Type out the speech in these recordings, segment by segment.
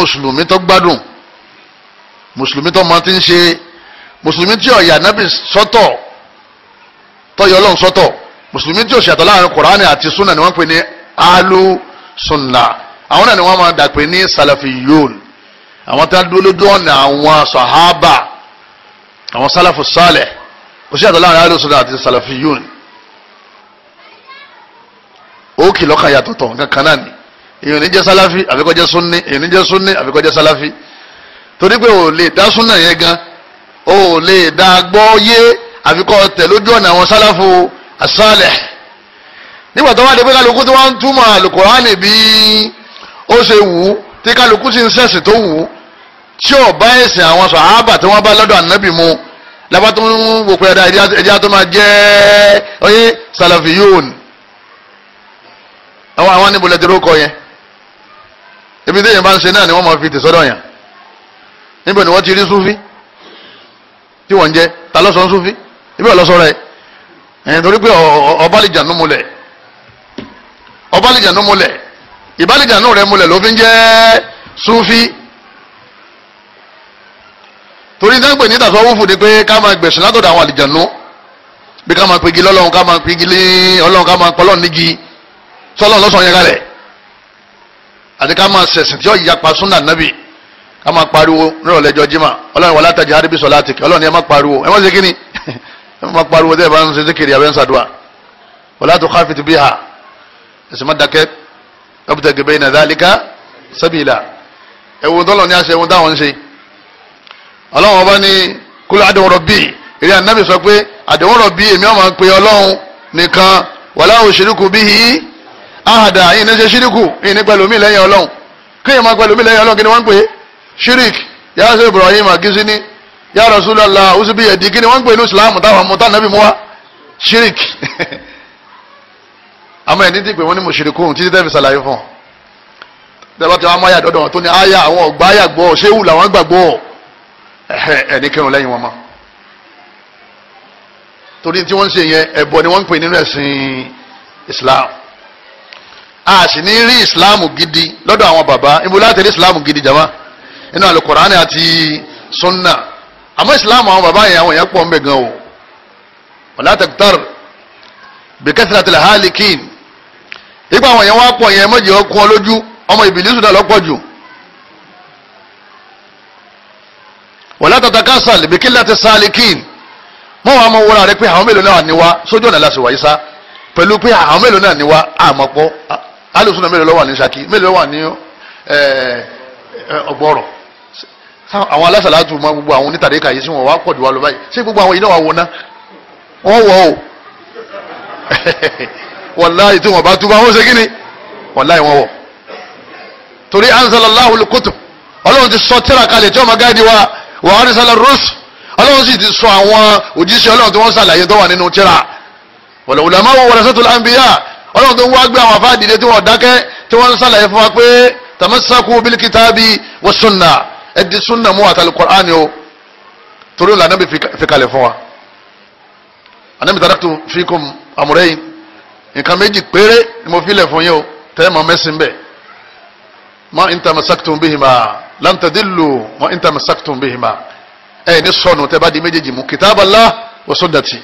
mùsùlùmí tó gbádùn mùsùlùmí tó máa ti ń ṣe mùsùlùmí tí ọ̀yà nábì sọ́tọ̀ tọ́yọ̀ ọlọ́run sọ́tọ̀ mùsùlùmí tí òṣìṣẹ́ àtọ́láàrin kùránì àti súnà ni wọ́n pè ní alu sunna àwọn náà ni wọ́n máa dàpè ní salafiyun àwọn tí wọ́n dúró lójú ọ̀nà àwọn sahaba àwọn salafu salih òṣìṣẹ́ àtọ́láàrin alu sunna àti salafiyun ó kìlọ̀ kan yàtọ̀tọ̀ nǹkan kan náà ni èyàn ní jẹ́ sálàfí àfikọ́ jẹ́ súnni èyàn ní jẹ́ súnni àfikọ́ jẹ́ sálàfí torí pé ò lè dá súnà yẹn gan ò lè dá gbọ́ yé àfikọ́ tẹ̀ lójú ọ̀nà àwọn sálàfo asálẹ̀ nígbà tó wá dé pé kálukú tó wá ń túmọ̀ àlùkòránì bí ó ṣe wù ú tí kálukú sì ń sẹ̀sìn tó wù ú tí ò bá ẹ̀sìn àwọn sàhábà tí wọ́n bá lọ́dọ̀ ànábì mu lábá tó ẹ̀dá ẹ̀dá tó máa jẹ́ ọyẹ́ sàlàfíyóòn àwọn àwọn níbo lẹ́tẹ̀rẹ́ ó kọ yẹn ibi téèyàn bá ń ṣe náà ni wọ́n máa fi tèsọ́dọ̀ yàn níbẹ̀ ni wọ́n ti rí súfí tí wọ́n ń jẹ ta lọ́sọ̀ súfí ibẹ̀ lọ́sọ̀ rẹ̀ ẹ̀yìn torí pé ọbálìjà nú mulẹ̀ ọbálìjà nú mulẹ̀ ìbálìjà nú rẹ̀ mulẹ̀ ló fi ń jẹ́ súfí torí dáńpẹ̀ ní tàṣọ́wọ́fù ni pé ká máa gbẹ̀sùn látọ̀dọ̀ àwọn àlìjànú bí ká máa pegi lọ́lọ́run ká máa pegi lé ọlọ́run ká máa pọ́lọ́run nígi sọ́lọ́run àti ká máa ṣẹ̀sìn tí ó yapa súnà nábì ká máa pariwo nírọ̀lẹ́jọ́ jimá ọlọ́run wà látàjà àdébí sọ láti ọlọ́run ẹ má pariwo ẹ má ṣe kí ni ẹ má pariwo tẹ́ ẹ bá ń ṣe síkiri abẹ́ ń ṣàdúrà wala tukhafit biha ẹ̀sìn má dákẹ́ tabtaghi bayna dhalika sabila ẹ̀wọ̀n tọ́lọ̀ ní àṣẹ ẹ̀wọ̀n táwọn ń ṣe ọlọ́run ọba ní kúlọ̀ àdéhùn rọ̀ bíi eré anábì sọ pé ahada yìí ní ṣe ṣíríkù yìí ní pẹ̀lú mi lẹ́yìn ọlọ́run kéèyàn máa pẹ̀lú mi lẹ́yìn ọlọ́run kí ni wọ́n ń pè é ṣírík yàrá sí ibrahim àgísíní ya Rasulullah usubi yẹ̀dí kí ni wọ́n ń pè ní islam táwọn mọ̀tá nàbí mu wá ṣírík àmọ́ ẹni tí pé wọ́n ní mushrikun títí tẹ́ fi ṣàlàyé fún un tẹ́lá tí wọ́n máa yà dọ́dọ̀ tó ní àyà àwọn ọ̀gbá àyà gbọ́ ṣéwù làwọn gbàgbọ́ ẹni ni wọ́n ń islam a sì ní rí ìsìláàmù gidi lọ́dọ̀ àwọn baba ibo láti rí ìsìláàmù gidi jama nínú alukoraani àti sunna àmọ́ ìsìláàmù àwọn baba yẹn àwọn èèyàn pọ̀ ń bẹ̀ gan o wàlá tẹ̀kítọ́r bìkẹ́sìlá tẹ̀lẹ̀ hàlìkín ipa àwọn èèyàn wá pọ̀ yẹn mọ́jì ọkùn ọlójú ọmọ ìbílísù náà lọ́pọ̀ jù wàlá tẹ̀tàkásàl bìkẹ́lá tẹ̀ sàlìkín mọ́ wàá mọ́ wọ́ra rẹ pé àwọn mélòó náà ni wá sójú ọ̀nà lásìwáyé sá pẹ̀lú pé àwọn mélòó náà ni wá àmọ́pọ̀ alùsùn náà mélòó ló wà ní Ṣakí mélòó ló wà ní ọgbọ́rọ̀ àwọn alásàlátù mọ gbogbo àwọn onítàdékà yìí sí wọn wá pọ̀ jù wá lọ báyìí ṣé gbogbo àwọn yìí náà wà wọ ná wọ́n wọ̀ o wàláyé tí wọ́n bá túbọ̀ àwọn ṣe wàláyé wọ́n wọ̀ torí anzalallahu al ọlọ́run ti sọ tíra tí wọ́n máa gáàdì wa wà á ní sálà rúṣù ọlọ́run sì ti sọ àwọn òjíṣẹ́ ọlọ́run tí wọ́n ṣàlàyé tó wà nínú tíra wal ulama wa warasatul anbiya ọlọ́run tó wá gbé àwọn àfáà dìde tí wọ́n dákẹ́ tí wọ́n ń sàlàyé fún wa pé tamasaku bil kitabi wa sunna ẹ di sunna mu àtàlù qur'an o torí ọ̀la anábì fi kalẹ̀ fún wa anábì taraktu fikum amúrẹ́yìn nǹkan méjì péré ni mo fi lẹ̀ fún yín o tẹ́lẹ̀ mọ́ mẹ́sìn bẹ́ẹ̀ ma in tamasaktum bihima lan tadillu ma in tamasaktum bihima ní sọnù tẹ́ bá di méjèèjì mú kitaballah wa sunnati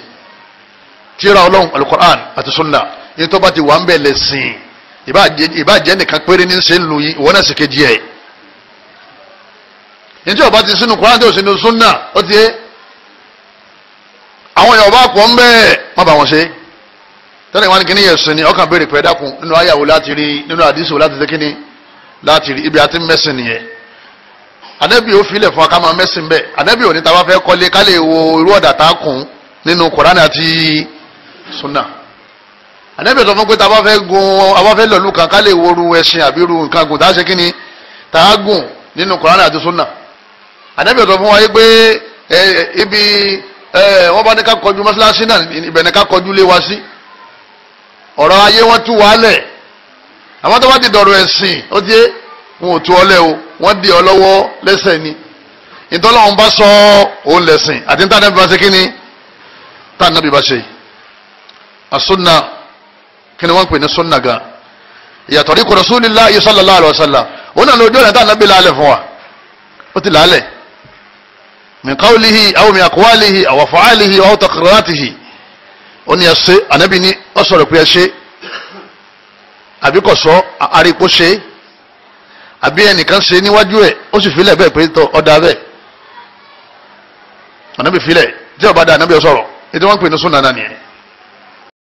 tíra ọlọ́run alukur'an àti sunna yìí tó bá ti wà ń bẹ̀ lẹ́sìn ìbàjẹ́ nìkan péré ní ṣe ń lu yín ìwọ náà sì kejì ẹ̀ nítorí ọba ti sínú Kùránì tó sínú súnà ó ti yé àwọn Yorùbá pọ̀ ń bẹ́ẹ̀ má bà wọ́n ṣe tẹ́lẹ̀ wọn ni kíní yẹn sìn ni ọkàn béèrè pẹ̀ dákun nínú ayàwó láti rí nínú àdísò láti dé kíní láti rí ibi àti mẹ́sìn nìyẹn anabi ò filẹ̀ fún akamọ mẹ́sìn bẹ́ẹ̀ anabi ò ní ta fẹ́ kọ́lé ká wo irú ọ̀dà tá a kùn nínú Kùránì àti súnà ànábì sọ fún pé tá a bá fẹ́ gun a bá fẹ́ lọ̀lú kan ká lè woru ẹṣin àbí ru nǹkan gùn tá a ṣe kí ni tá a gùn nínú Kùránì àti súnà ànábì sọ fún wa yìí pé ibi wọ́n bá ní ká kọjú mọ́ṣáláṣí náà ibẹ̀ ní ká kọjú lé wa sí ọ̀rọ̀ ayé wọ́n tú wa lẹ̀ àwọn tó bá ti dọ̀rọ̀ ẹ̀sìn ó ti wọn ò tú ọ lẹ́ o wọ́n di ọ lọ́wọ́ lẹ́sẹ̀ ni ìtọ́lọ́wọ́n bá sọ òun lẹ̀sìn àti ní tànàbí bá ṣe kí ni tànàbí bá ṣe àsúnà kí ni wọ́n ń pè ní sunna gan ìyàtọ̀ rí kòrò súnilá ìsọ̀lọ́lá àlọ́sọ̀lá òun náà lójú ọ̀nà tá ànábì lálẹ̀ fún wa ó ti lálẹ̀ min qawlihi aw min aqwalihi aw af'alihi aw taqriratihi ó ní ẹsẹ̀ ànábì ní ọ sọ̀rọ̀ pé ẹsẹ̀ àbí kò sọ àríkó ṣe àbí ẹnìkan ṣe níwájú ẹ̀ ó sì filẹ̀ bẹ́ẹ̀ pé tọ́ ọ̀dà bẹ́ẹ̀ ànábì filẹ̀ tí ọba dá ànábì ọ ètò wọn pè ní súnà náà nìyẹn